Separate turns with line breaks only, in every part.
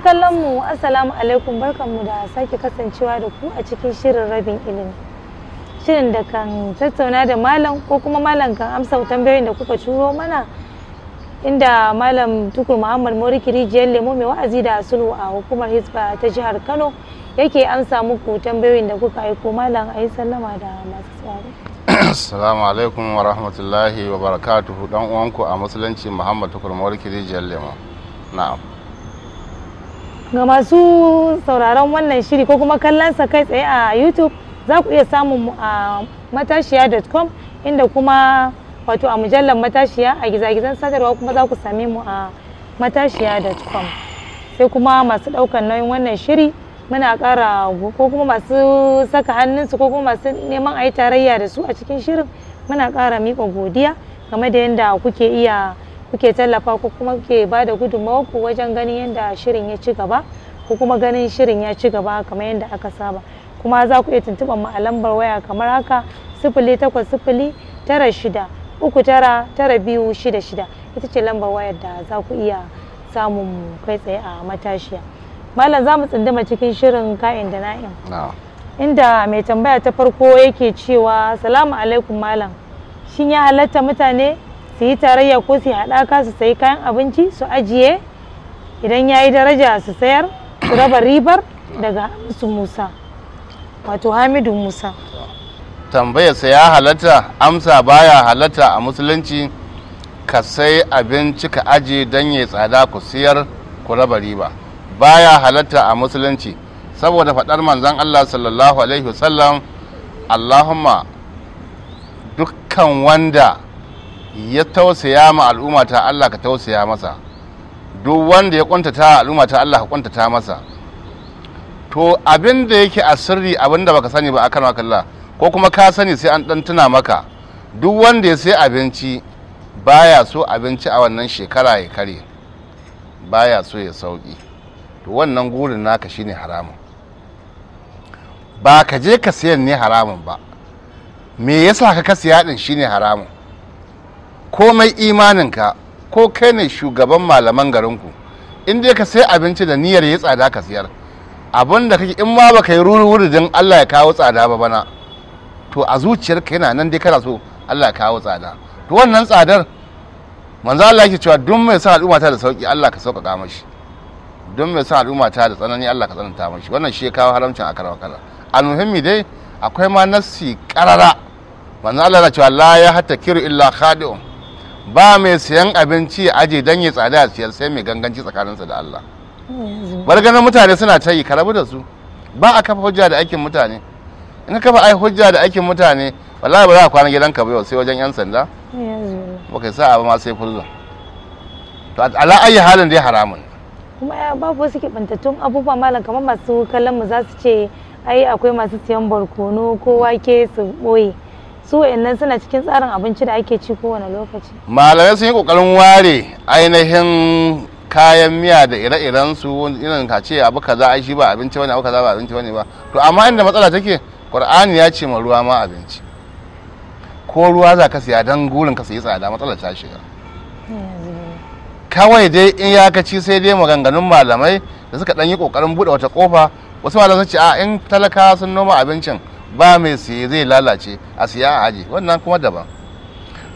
kallon mu Assalamu alaikum barkanmu da sake kasancewa da ku a cikin shirin rabin ilimi. Shirin da kan tattauna da malam ko kuma malam kan amsa tambayoyin da kuka turo mana inda malam Tukur Muhammad Moriki Rijiyar Lemo mai wa'azi da sulhu a hukumar Hisba ta jihar Kano yake amsa muku tambayoyin da kuka aiko malam a sallama da masu tsaro.
Assalamu alaikum wa rahmatullahi wa barakatuhu dan uwanku a musulunci Muhammad Tukur Moriki Lemo. Na'am.
ga masu sauraron wannan shiri ko kuma kallon sa kai tsaye a youtube za ku iya samun a matashiya.com inda kuma wato a mujallar matashiya a gizagizan sadarwa kuma za ku same mu a matashiya.com sai kuma masu ɗaukar nauyin wannan shiri muna ƙara ko kuma masu saka hannunsu ko kuma masu neman a yi tarayya da su a cikin shirin muna kara miƙa godiya game da yadda kuke iya kuke tallafa ko kuma kuke ba da gudunmawar ku wajen ganin yadda shirin ya ci gaba ko kuma ganin shirin ya ci gaba kamar yadda aka saba kuma za ku iya tuntuɓar mu a lambar waya kamar haka sifili takwas sifili tara shida uku tara tara biyu shida shida ita ce lambar wayar da za ku iya samun mu kai tsaye a matashiya malam za mu tsunduma cikin shirin ka'in da na'in inda mai tambaya ta farko yake cewa salamu alaikum malam shin ya halatta mutane su yi tarayya ko su yi haɗaka su sayi kayan abinci su ajiye idan ya yi daraja su sayar su raba ribar daga su musa wato hamidu musa
tambayarsa ya halatta amsa baya halatta a musulunci ka sai abinci ka aji don ya tsada ku siyar ku raba riba baya halatta a musulunci saboda faɗar manzon allah sallallahu alaihi wasallam allahumma dukkan wanda ya tausaya ma al'umma ta Allah ka tausaya masa duk wanda ya kwantata al'umma ta Allah ka kwantata masa to abin da yake a sirri abin da baka sani ba kan wakalla ko kuma ka sani sai an dan tuna maka duk wanda ya sai abinci baya so abinci a wannan shekara ya kare baya so ya sauki to wannan gurin naka shine haramun ba ka je ka sayan ne haramun ba me yasa ka kasa yadin shine haramun komai imaninka ko kai ne shugaban malaman garinku in dai ka sai abinci da niyyar ya tsada ka siyar abin da kake in ma baka yi wuridin Allah ya kawo tsada ba bana to a zuciyarka yana nan dai kana so Allah ya kawo tsada to wannan tsadar manzo Allah yake cewa duk mai sa al'umma ta da sauki Allah ka sauƙaƙa mashi duk mai sa al'umma ta da tsanani Allah ka tsananta mashi wannan shi ya kawo haramcin a karawa kala muhimmi dai akwai ma nassi karara manzo Allah yana cewa la ya hatta kiru illa khadi'un ba mai siyan abinci a aje don yi tsada a siyar sai mai ganganci tsakaninsa da Allah barganin mutane suna ta yi karabu da su ba a kafa hujja da aikin mutane in ka kafa ai hujja da aikin mutane wallahi ba za a kwana gidan ka yau sai wajen yan sanda ba kai sa ba ma sai kullum to ala ayi halin dai haramun
kuma ya babu wasu kibantattun abubuwa malam kamar masu kallon mu za su ce ai akwai masu siyan barkono ko wake su boye su wayannan suna cikin tsarin abinci da ake ci kowane lokaci
malamai sun yi kokarin ware ainihin kayan miya da ire-iren su irin ka ce abu kaza ai shi ba abinci bane abu kaza ba abinci bane ba to amma inda matsala take qur'ani ya ce ma ruwa ma abinci ko ruwa za ka siya don gurin ka sayi tsada matsalar ta shiga kawai dai iyakaci sai dai maganganun malamai da suka dan yi kokarin bude wata kofa wasu malamai sun ce a in talaka sun noma abincin ba mai siye zai lalace a siya a aji wannan kuma daban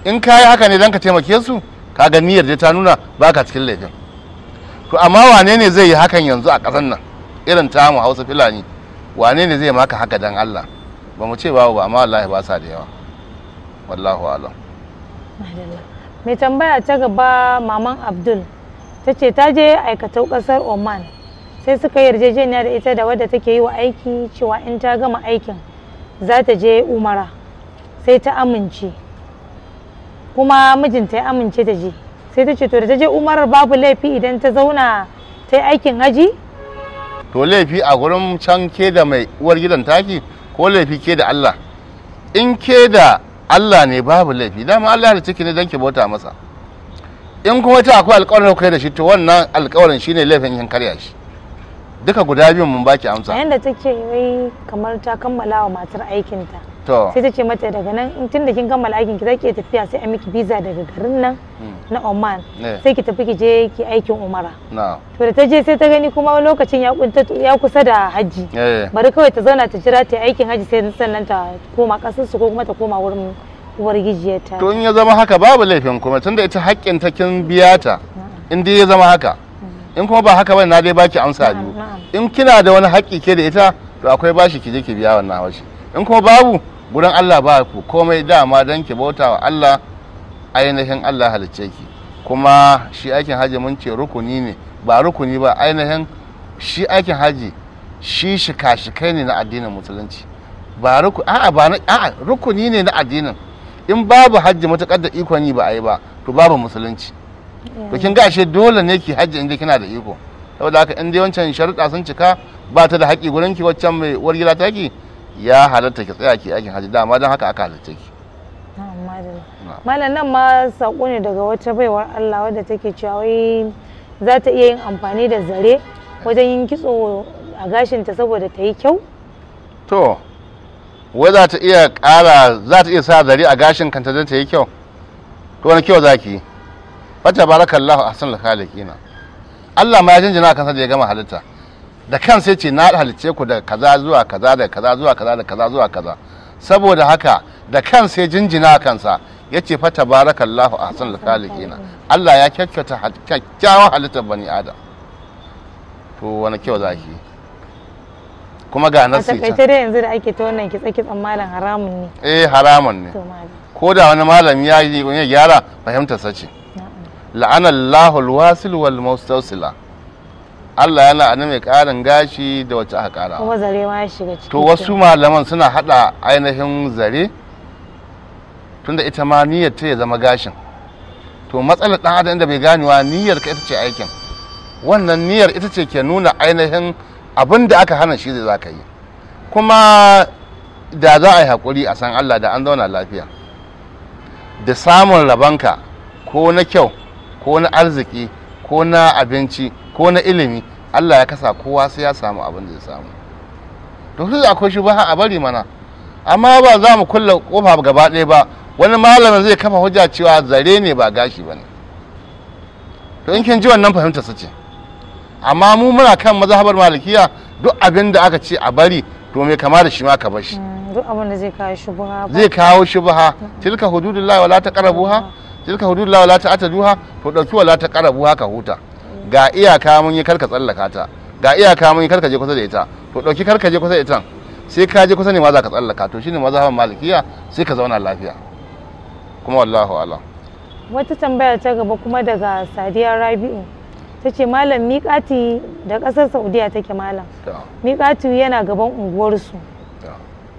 in ka yi haka ne don ka taimake su ka ga niyyar da ta nuna ba ka cikin laifin to amma wane ne zai yi hakan yanzu a ƙasar nan irin ta mu hausa fulani wane ne zai maka haka dan allah ba mu ce babu ba amma wallahi ba sa da yawa wallahu alam
mai tambaya ta gaba maman abdul ta ce ta je aikatau kasar oman sai suka yarjejeniya da ita da wadda take yi wa aiki cewa in ta gama aikin za ta je umara sai ta amince kuma mijinta ya amince ta je sai ta ce to da ta je umarar babu laifi idan ta zauna ta yi aikin haji
to laifi a gurin can ke da mai uwar gidan taki ko laifi ke da Allah in ke da Allah ne babu laifi dama Allah da ciki ne don ki bauta masa in kuma ta akwai alƙawarin kai da shi to wannan alƙawarin shine laifin yin karya shi duka guda biyun mun baki amsa yayin
da take wai kamar ta kammala wa matar aikin ta to sai ta ce mata daga nan tun da kin kammala aikin ki zaki tafiya sai a miki visa daga garin nan hmm. na Oman eh. sai ki tafi ki je ki aikin Umara to da ta je sai ta gani kuma lokacin ya ya kusa da haji eh. bari kawai ta zauna ta jira ta aikin haji sai sannan ta koma kasar su ko kuma ta koma wurin uwar gijiyarta to
in ya zama haka babu laifin kuma tunda ita haƙƙin ta kin biya ta in dai ya zama haka in kuma ba haka bane na dai baki amsa biyu in kina da wani haƙƙi ke da ita to akwai bashi ki je ki biya wannan bashi in kuma babu gurin Allah ba ku komai dama dan ki bauta wa Allah ainihin Allah halicce ki kuma shi aikin haji mun ce rukuni ne ba rukuni ba ainihin shi aikin haji shi shika-shikai ne na addinin musulunci ba rukuni a'a ba na a'a rukuni ne na addinin in babu hajji matakar da ikon yi ba a yi ba to babu musulunci to kin gashe dole ne ki hajji inda kina da iko saboda haka inda yawancin wancan sharuɗa sun cika ba ta da haƙƙi gurin ki waccan mai wargila ta ki ya halatta ki tsaya ki aikin hajji dama don haka aka halatta ki
malam nan ma sako ne daga wata baiwar Allah wadda take cewa wai za ta iya yin amfani da zare wajen yin kitso a gashinta saboda ta yi kyau
to wai za ta iya ƙara za ta iya sa zare a gashin kanta don ta yi kyau to wani kyau za ki yi fata a ahsanul lakalikina Allah ma ya jinjina kansa da ya gama halitta da kan sai ce na halicce ku da kaza zuwa kaza da kaza zuwa kaza da kaza zuwa kaza saboda haka da kan sai jinjina kansa ya ce fa a ahsanul lakalikina Allah ya kyakkyata kyakkyawan halittar bani adam to wani kyau zaki kuma ga nan sai ta
dai yanzu da ake ta wannan kitsa kitsan malam haramun ne
eh haramun ne ko da wani malami ya yi ya gyara fahimtar sace la'ana Allahu wasil wal mustawsila Allah yana ana mai karin gashi da wacce aka kara kuma
zare ma ya shiga ciki to wasu
malaman suna hada ainihin zare tunda ita ma niyyar ta ya zama gashin to matsalar dan adam da bai ganewa niyyar ka ita ce aikin wannan niyyar ita ce ke nuna ainihin abinda aka hana shi zai zaka yi kuma da za a yi hakuri a san Allah da an zauna lafiya da samun rabanka ko na kyau ko na arziki ko na abinci ko na ilimi Allah ya kasa kowa sai ya samu abin da ya samu to su akwai shi ba a bari mana amma ba za mu kulle kofa gaba ɗaya ba wani malamin zai kafa hujja cewa zare ne ba gashi ba ne to in kin ji wannan fahimta su ce amma mu muna kan mazhabar malikiya duk abin da aka ce a bari to mai kama da shi ma ka bashi
hmm, duk abin da zai kawo shubha
zai kawo shubha tilka hududullahi wala ha. tilka hududullahi la ta'taduha to dauki wala ta karabu haka huta ga iyaka mun yi karka tsallaka ta ga iyaka mun yi karka je kusa da ita to dauki karka je kusa da ita sai ka je kusa ne ma za ka tsallaka to shine mazhaban malikiya sai ka zauna lafiya kuma wallahu alam
wata tambaya ta gaba kuma daga sadiya rabi'u ta ce malam miƙati da ƙasar saudiya take malam miƙati yana gaban unguwarsu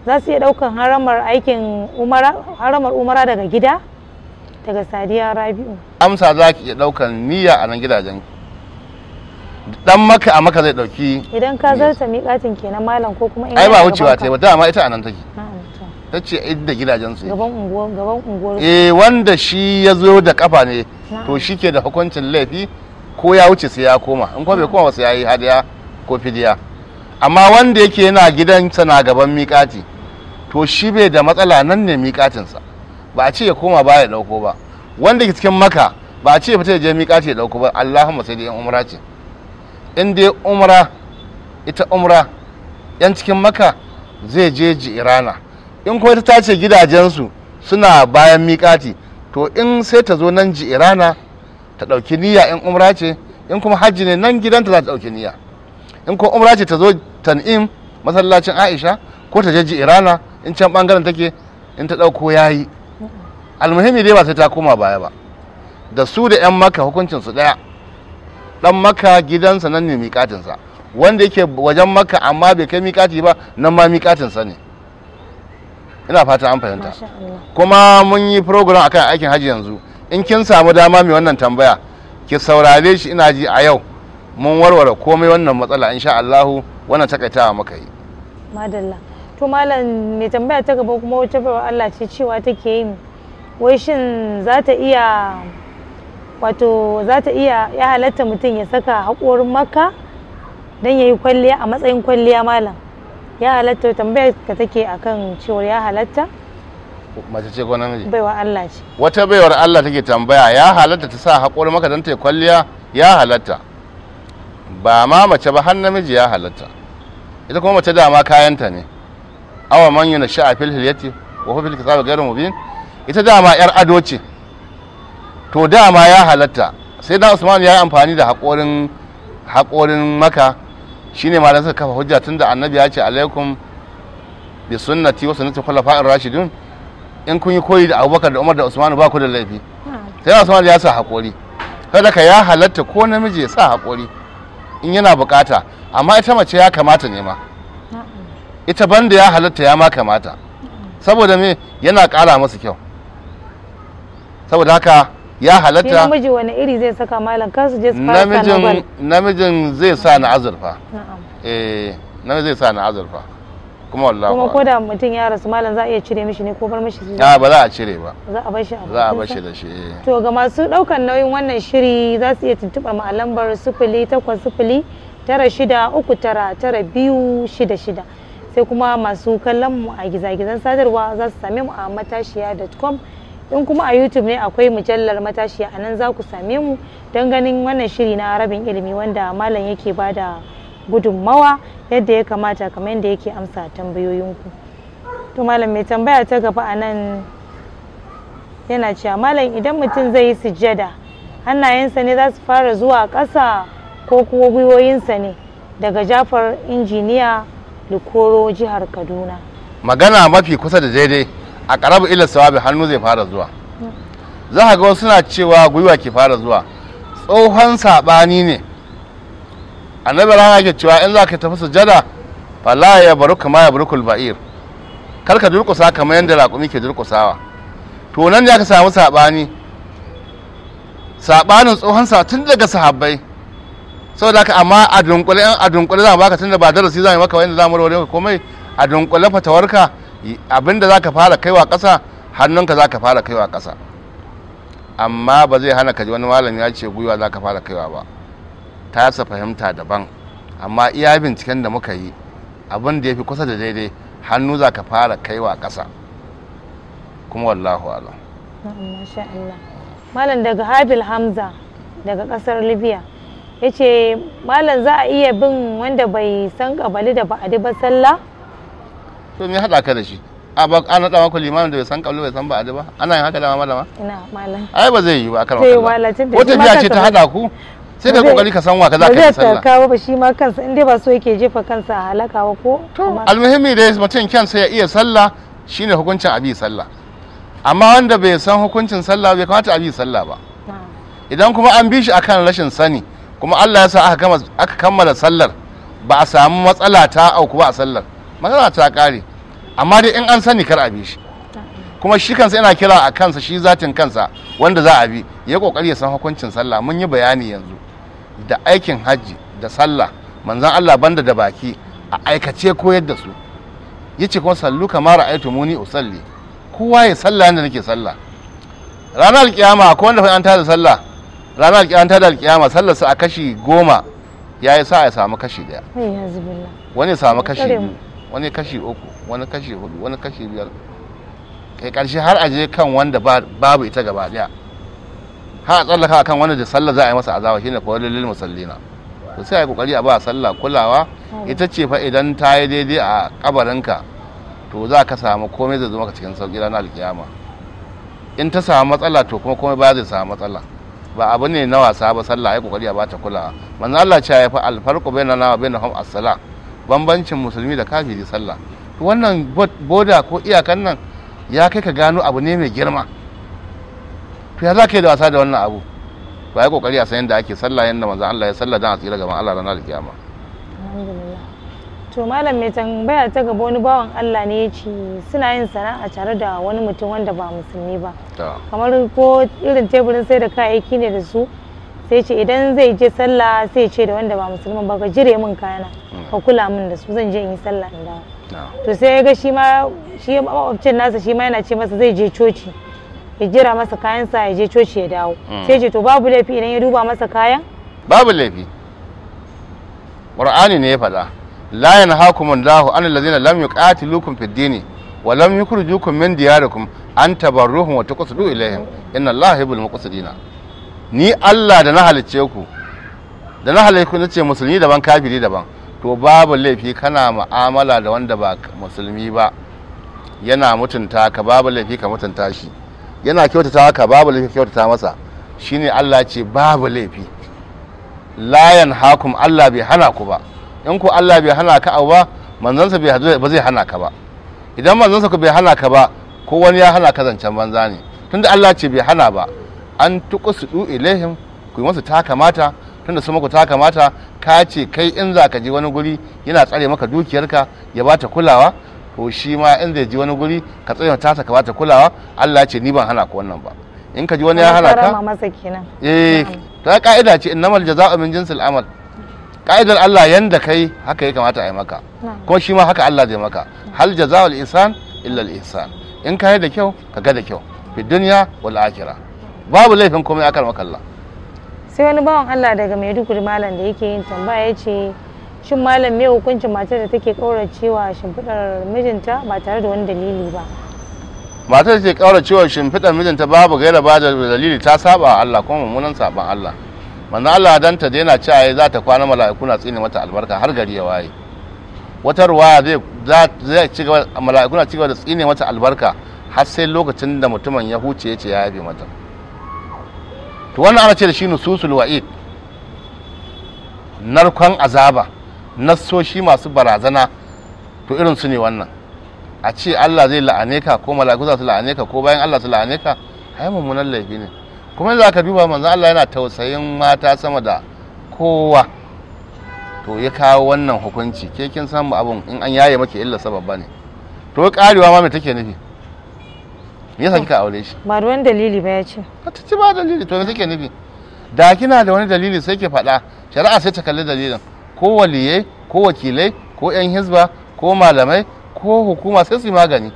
za su iya ɗaukar haramar aikin haramar umara daga gida daga sadiya rabi'u
amsa za ki iya ɗaukar niyya a nan gidajen dan maka a maka zai ɗauki
idan ka zarta miƙatin kenan malam ko kuma ai ba wucewa ta
ba dama ita a nan take ta ce inda gidajen su gaban
unguwar gaban unguwar eh
wanda shi ya zo da kafa ne to shi ke da hukuncin laifi ko ya wuce sai ya koma in kuma bai koma ba sai ya yi hadiya ko fidiya amma wanda yake yana gidansa na gaban miƙati to shi bai da matsala nan ne miƙatinsa ba a ce ya koma ba ya dauko ba wanda ke cikin maka ba a ce ya fita ya je miƙa ce ya dauko ba allahumma sai dai yan umra ce in dai umra ita umra yan cikin maka zai je irana in kuma ita ta ce gidajensu suna bayan miƙati to in sai ta zo nan irana ta ɗauki niyya in umra ce in kuma hajji ne nan gidanta za ta ɗauki niyya in kuma umra ce ta zo tan'im masallacin aisha ko ta je irana in can ɓangaren take in ta ɗauko yayi almuhimmi dai ba sai ta koma baya ba da su da 'yan maka hukuncin su ɗaya ɗan maka gidansa nan ne miƙatinsa wanda yake wajen maka amma bai kai miƙati ba nan ma miƙatinsa ne ina fata an fahimta kuma mun yi program akan aikin hajji yanzu in kin samu dama mai wannan tambaya ki saurare shi ina ji a yau mun warware komai wannan matsala insha Allahu wannan takaitawa maka yi
madalla to malam mai tambaya ta gaba kuma wata Allah ce cewa take yi wai shin za ta iya wato za ta iya ya halatta mutum ya saka haƙorin maka don ya yi kwalliya a matsayin kwalliya malam ya halatta tambayar ka take akan cewar ya halatta
mace ce ko namiji
baiwa Allah ce
wata baiwar Allah take tambaya ya halatta ta sa haƙorin maka don ta yi kwalliya ya halatta ba ma mace ba har namiji ya halatta ita kuma mace dama kayanta ne awa manyan sha'afil sha'a fil hilyati wa huwa fil kitabi mubin ita dama yar ado ce to dama ya halatta sai dan usman ya yi amfani da haƙorin haƙorin maka shine malan suka kafa hujja tun da annabi ya ce alaikum bi sunnati wa sunnati khulafa'ir rashidun in kun yi koyi da abubakar da umar da usman ba ku da laifi sai usman ya sa haƙori kada ka ya halatta ko namiji ya sa haƙori in yana bukata amma ita mace ya kamata ne ita banda ya halatta ya ma kamata saboda me yana kara masa kyau saboda haka ya halatta namiji
wani iri zai saka malam kansu je su namijin
namijin zai sa na azurfa eh namiji zai sa na azurfa kuma wallahi kuma ko
da mutum ya rasu malam za a iya cire mishi ne ko bar mishi a ba za a cire ba za a bashi shi za a da
shi eh. to
ga masu daukan nauyin wannan shiri za su iya tuntuba mu a lambar 0800 tara shida uku tara tara biyu shida shida sai kuma masu kallon mu a gizagizan sadarwa za su same mu a matashiya.com in kuma a youtube ne akwai mujallar matashi a nan za ku same mu don ganin wannan shiri na rabin ilimi wanda malam yake ba da gudunmawa yadda ya kamata kamar yadda yake amsa tambayoyinku to malam mai tambaya ta gaba a nan yana cewa malam idan mutum zai yi sujjada hannayensa ne za su fara zuwa ƙasa ko kuma gwiwoyinsa ne daga jafar injiniya likoro jihar kaduna
magana mafi kusa da daidai a karabu ila sawabi hannu zai fara zuwa za ka ga wasu suna cewa gwiwa ke fara zuwa tsohon saɓani ne annabi rana ke cewa in za ka tafi sujada fala ya baru kama ya baru kulba'ir kar ka durƙusa kamar yadda raƙumi ke durƙusawa to nan ya ka samu saɓani saɓanin tsohon sa tun daga sahabbai saboda haka amma a dunkule a dunkule za mu baka tun da ba darasi za yi maka wani za mu warware komai a dunkule fatawarka abinda za ka fara kaiwa ƙasa hannunka za ka fara kaiwa ƙasa amma ba zai hana ka ji wani malam ya ce gwiwa za ka fara kaiwa ba ta sa fahimta daban amma iya binciken da muka yi abin da ya fi kusa da daidai hannu za ka fara kaiwa ƙasa kuma wallahu ala.
malam daga habil hamza daga ƙasar libya ya ce malam za a iya bin wanda bai san kabali da ba'adi ba sallah
to me haɗa ka da shi a ba an naɗa maka limamin da bai san kallo bai san ba'adi ba ana yin haka dama malama
ina malam
ai ba zai yi ba akan wannan
ko tafiya ce ta haɗa
ku sai ka kokari ka san wa ka za ka yi sallah ba zai
kawo ba shi ma kansa in dai ba so yake jefa kansa a halaka ba ko to
almuhimmi dai mutum kansa ya iya sallah shine hukuncin abi sallah amma wanda bai san hukuncin sallah bai kamata abi sallah ba idan kuma an bi shi akan rashin sani kuma Allah ya sa aka kammala sallar ba a samu matsala ta auku ba a sallar matsala ta kare amma dai in an sani kar a bi shi kuma shi kansa yana kira a kansa shi zatin kansa wanda za a bi ya kokari ya san hukuncin sallah mun yi bayani yanzu da aikin hajji da sallah manzon Allah banda da baki a aikace koyar da su ya ce kuma sallu kamar ra'aytu muni usalli kowa ya sallah yadda nake sallah ranar alkiyama ko wanda fa an tada sallah ranar alkiyama tada alkiyama sallar su a kashi goma ya yi sa ya samu kashi daya wani ya samu kashi biyu wani kashi uku wani kashi hudu wani kashi biyar kai karshe har aje kan wanda babu ita gaba daya har a tsallaka kan wanda da sallah za a yi masa azawa shine kuwa lil musallina to sai ai kokari a ba sallah kulawa hmm. ita ce fa idan ta yi daidai a kabarinka to za ka samu komai zai zo maka cikin sauki ranar alkiyama in ta samu matsala to kuma komai ba zai samu matsala ba abu ne na wasa ba sallah ai kokari a ba ta kulawa manzo Allah ya fa alfarqu bainana wa bainahum as-salah bambancin musulmi da kafiri sallah wannan boda ko iyakan nan ya kai ka gano abu ne mai girma to ya za ka yi da wasa da wannan abu to ya kokari a san yadda ake sallah yadda manzon Allah ya sallah dan a tsira gaban Allah ranar kiyama
to malam mai tambaya ta gaba wani bawan Allah ne ya ce suna yin sana'a tare da wani mutum wanda ba musulmi ba kamar ko irin teburin sai da kayayyaki ne da su sai ce idan zai je sallah sai ce da wanda ba musulman ba ka jire min kayana mm. ka kula min da su zan je in yi sallah in dawo to sai ya ga shi ma shi makwabcin nasa shi ma yana ce masa zai je coci ya jira masa kayansa ya je coci ya dawo mm. sai ce to babu laifi idan ya duba masa kayan
babu laifi qur'ani ne ya faɗa la yanhaakum Allahu an allazina lam yuqatilukum fid din wa lam yukhrijukum min diyarikum an tabarruhum wa tuqsidu ilayhim inna Allaha yuhibbul muqsidina ni Allah da na halicce ku da na halicce ku nace musulmi daban kafiri daban to babu laifi kana mu'amala da wanda ba musulmi ba yana mutunta ka babu laifi ka mutunta shi yana kyautata ka babu laifi kyautata masa shine Allah ce babu laifi layan hakum Allah bai hana ku ba in ku Allah bai hana ka abu ba manzansa ba zai hana ka ba idan manzansa ku bai hana ka ba ko wani ya hana ka zancen banza ne tunda Allah ce bai hana ba an tuqsudu ilaihim ku yi masu ta kamata tunda su maku ta kamata ka ce kai in za ka je wani guri yana tsare maka dukiyarka ya ba ta kulawa to shi ma in zai je wani guri ka tsare ta ka ba ta kulawa Allah ce ni ban hana ku wannan ba in ka ji wani ya hana ka eh ta ka'ida ce innamal jaza'u min jinsil amal ka'idar Allah yanda kai haka ya kamata a yi maka kuma shi ma haka Allah zai maka hal jaza'ul ihsan illa al ihsan in ka yi da kyau ka ga da kyau fi dunya wal akhirah babu laifin komai akan makalla
sai wani bawan Allah daga Maiduguri malam da yake yin tambaya ya ce shin malam me hukuncin matar da take kauracewa shimfidar mijinta ba tare da wani dalili ba
matar da take kauracewa shimfidar mijinta babu gaira ba da dalili ta saba Allah kuma mummunan saban Allah manzo Allah dan ta daina cewa ai za ta kwana mala'iku na tsine mata albarka har gari ya waye wata ruwa zai zai ci gaba mala'iku na ci gaba da tsine mata albarka har sai lokacin da mutumin ya huce ya ce ya yabe mata to wannan ana ce da shi nususul wa'id narkon azaba nassoshi masu barazana to irin su ne wannan a ce Allah zai la'ane ka ko mala'iku za su la'ane ka ko bayan Allah su la'ane ka ai mummunan laifi ne kuma yanzu aka duba manzon Allah yana tausayin mata sama da kowa to ya kawo wannan hukunci ke kin samu abun in an yaye maka illa sababba ne to karewa ma me take nufi me yasa kika aure shi ba da wani dalili ba yace ce ta ba dalili to me take nufi da kina da wani dalili sai ki faɗa shari'a sai ta kalli dalilin ko waliye ko wakilai ko yan hizba ko malamai ko hukuma sai su yi magani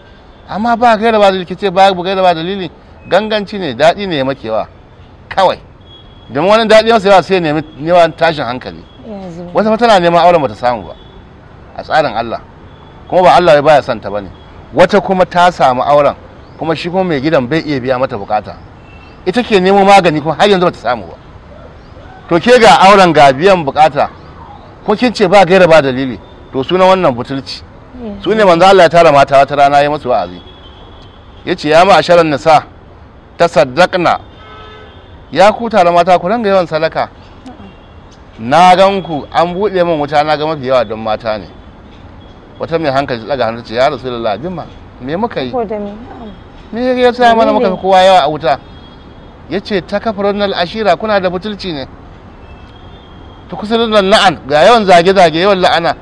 amma ba gaira ba dalili kice ba gaira ba dalili ganganci ne daɗi ne makewa kawai don wani daɗi masa yawa sai nemi neman tashin hankali wata tana neman auren bata samu ba a tsarin Allah kuma ba Allah ya baya son ta bane wata kuma ta samu auren kuma shi kuma mai gidan bai iya biya mata bukata ita ke nemo magani kuma har yanzu bata samu ba to ke ga auren ga biyan bukata ko kin ce ba gaira ba dalili to suna wannan butulci su ne manzo Allah ya tara mata wata rana ya musu wa'azi yace ya ma asharan nisa Saddakna. ya ku tara mata ku ranga yawan sadaka. na gan an buɗe min wuta na ga mafi yawa don mata ne wata mai hankali daga hannu ce ya rasu da labima me muka yi ni ya sa mana maka kowa yawa a wuta ya ce ta ronald ashira kuna da butulci ne ta ronald la'an ga yawan zage-zage yawan la'ana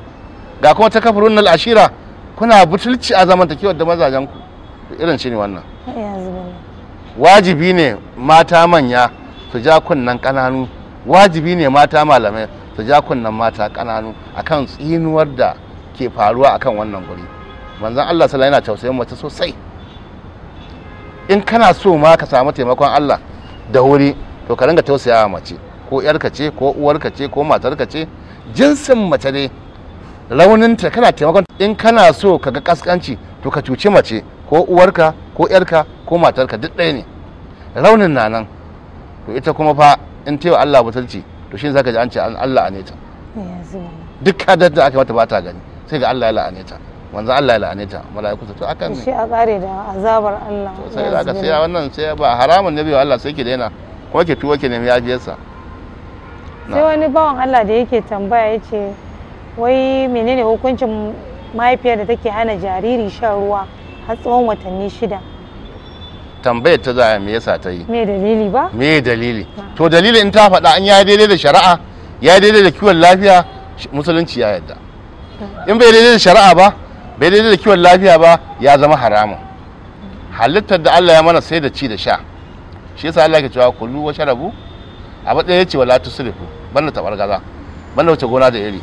ga kuma ta ronald ashira kuna butulci a zamantakewar da mazajen ku irin shi ne wannan wajibi ne mata manya su ja kunnan kananu wajibi ne mata malamai su ja kunnan mata kananu akan tsinuwar da ke faruwa akan wannan guri manzon Allah sallallahu alaihi wasallam yana tausayin mace sosai in kana so ma ka samu taimakon Allah da wuri to ka ringa tausaya mace ko yarka ce ko uwarka ce ko matarka ce jinsin mace ne rauninta kana taimakon in kana so ka ga kaskanci to ka cuci mace ko uwarka ko yarka ko matarka duk ɗaya ne raunin na nan to ita kuma fa in ta wa Allah butulci to shi zaka ji an ce Allah a ne ta duk kadar da aka mata ba ta gani sai ga Allah ya la'aneta. manzo Allah ya la'ane ta mala'iku to akan shi
a kare da azabar Allah to sai zaka sai wannan
sai ba haramun ne biyo Allah sai ki daina ko ki tuwo ki nemi sa sai
wani bawan Allah da yake tambaya yace wai menene hukuncin mahaifiyar da take hana jariri shan ruwa har tsawon watanni shida
tambayar ta zaya me yasa ta yi
me dalili ba
me dalili to dalili in ta faɗa an ya daidai da shari'a ya daidai da kiwon lafiya musulunci ya yarda in bai daidai da shari'a ba bai daidai da kiwon lafiya ba ya zama haramun halittar da Allah ya mana sai da ci da sha shi yasa Allah ke cewa kullu wa sharabu a matsayin yace wala tusrifu banda tabar gaza banda wuce gona da iri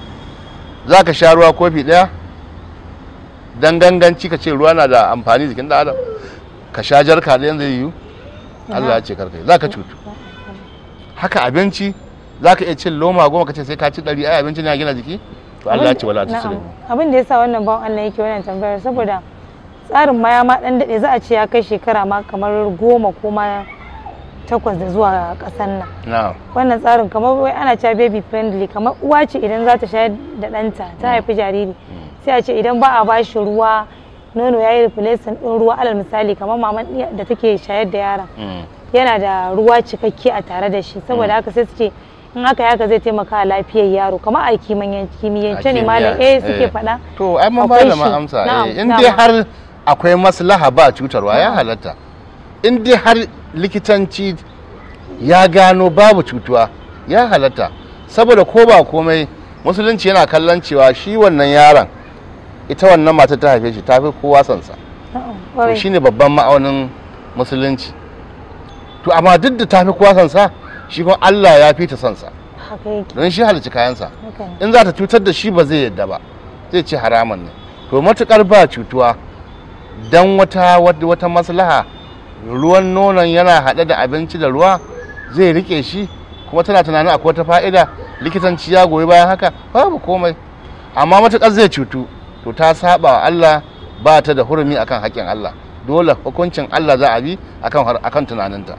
za ka sha ruwa kofi daya dan ganganci ka ce ruwa na da amfani jikin da adam ka sha jarka da yanzu yiwu Allah ya ce karka za ka cutu haka abinci za ka iya cin loma goma ka ce sai ka ci ɗari ai abinci ya gina jiki to Allah ya ce wala tusrifu
abin da yasa wannan bawon Allah yake wannan tambayar saboda tsarin maya ma dan dade za a ce ya kai shekara ma kamar goma ko ma takwas da zuwa kasan nan wannan tsarin kamar wai ana cewa baby friendly kamar uwa ce idan za ta shayar da ɗanta ta haifi mm. jariri mm. sai a ce idan ba a ba shi ruwa nono yayi yi replacement din ruwa alal misali kamar maman da take shayar da yaron mm. yana da ruwa cikakke a tare da shi saboda haka sai su ce in aka yaka zai taimaka lafiyar yaro kamar a kimiyyance ne malam eh suke eh. faɗa
to ai mun ba da amsa eh. in dai har akwai maslaha ba cutarwa ya halatta in dai har likitanci ya gano babu cutuwa ya halatta saboda ko ba komai musulunci yana kallon cewa shi wannan yaron ita wannan mata ta haife shi ta fi kowa sansa shi ne babban ma'aunin musulunci to amma duk da ta fi kowa sansa shi kuma Allah ya fi ta sa don shi halicci kayansa in za ta cutar da shi ba zai yadda ba zai ce haraman ne to matukar ba cutuwa don wata wata maslaha ruwan nonon yana haɗe da abinci da ruwa zai rike shi kuma tana tunanin akwai wata fa'ida likitanci ya goyi bayan haka babu komai amma matukar zai cutu to ta saba wa Allah ba ta da hurumi akan haƙƙin Allah dole hukuncin Allah za a bi akan tunaninta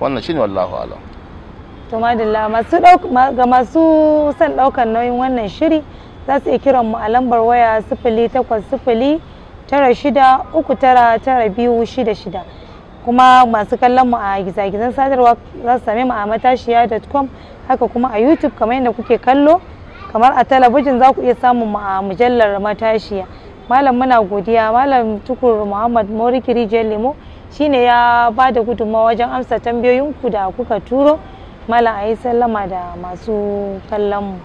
wannan shine wallahu alam
to masu ga masu son ɗaukar nauyin wannan shiri za su iya kiran mu a lambar waya sifili takwas sifili tara shida uku tara tara biyu shida shida kuma masu kallon mu a gizagizan sadarwa za su same mu a matashiya.com haka kuma a youtube kamar yadda kuke kallo kamar a talabijin za ku iya samun mu a mujallar matashiya malam muna godiya malam tukur muhammad morikiri shi shine ya ba da gudunmawa wajen amsa tambayoyinku da kuka turo malam a yi sallama da masu kallon mu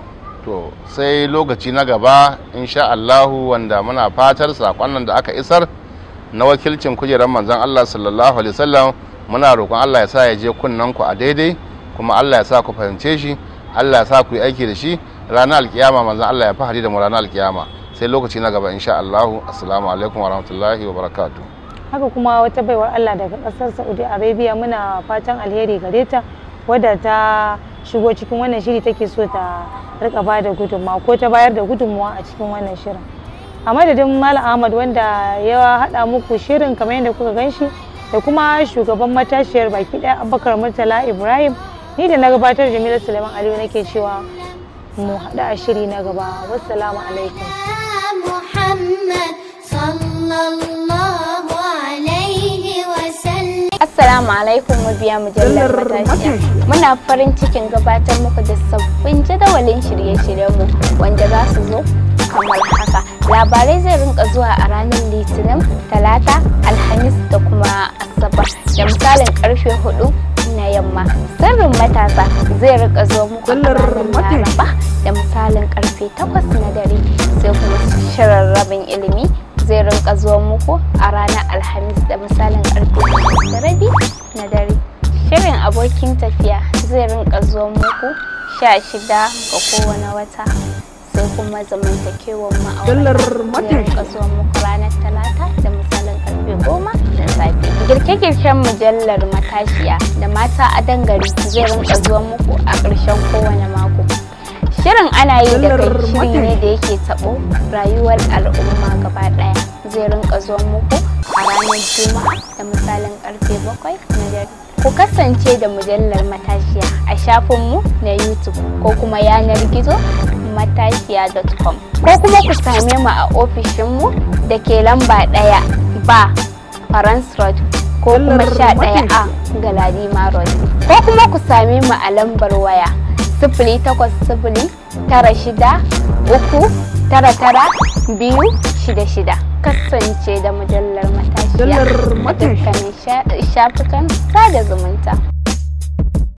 to sai lokaci na gaba insha Allahu wanda muna fatar sakon nan da aka isar na wakilcin kujerar manzon Allah sallallahu alaihi wasallam muna roƙon Allah ya sa ya je kunnen ku a daidai kuma Allah ya sa ku fahimce shi Allah ya sa ku yi aiki da shi ranar alkiyama manzon Allah ya fahari da mu ranar alkiyama sai lokaci na gaba insha Allahu assalamu alaikum wa barakatuh
haka kuma wata baiwar Allah daga ƙasar Saudi Arabia muna fatan alheri gare ta wadda ta shigo cikin wannan shiri take so ta rika ba da gudunmawa ko ta bayar da gudunmawa a cikin wannan shirin a madadin malam ahmad wanda ya haɗa muku shirin kamar yadda kuka gan shi da kuma shugaban matashiyar baki ɗaya abubakar murtala ibrahim ni da na gabatar jamilu suleiman aliyu nake cewa mu haɗu a shiri na gaba wassalamu alaikum
muhammad Assalamu alaikum mabiya mujallar matashiya. Muna farin cikin gabatar muku da sabbin jadawalin shirye-shiryenmu wanda za su zo kamar haka. Labarai zai rinka zuwa a ranar Litinin, Talata, Alhamis da kuma Asabar da misalin karfe hudu na yamma. Sirrin matasa zai rika zo muku a ranar Laraba da misalin karfe takwas na dare sai kuma shirin rabin ilimi zai rinka zuwa muku a ranar alhamis da misalin karfe da rabi na dare shirin abokin tafiya zai rinka zuwa muku sha shida ga kowane wata sai kuma zamantakewar ma'aurata. zai rinka zuwa muku ranar talata da misalin karfe goma da safe girke-girken mujallar matashiya da mata a dangare zai rinka zuwa muku a ƙarshen kowane mako Shirin ana yi da kai shiri ne da yake taɓo rayuwar al'umma gaba ɗaya zai rinka zuwa muku a ranar Juma'a da misalin karfe bakwai na dare. Ku kasance da mujallar matashiya a shafinmu na YouTube ko kuma yanar gizo matashiya.com ko kuma ku same mu a ofishinmu da ke lamba ɗaya ba Farans Road ko kuma sha ɗaya a Galadima Road ko kuma ku same mu a lambar waya sifili takwas sifili tara shida uku tara tara biyu shida shida kasance da mujallar matashiya a dukkanin shafukan sada zumunta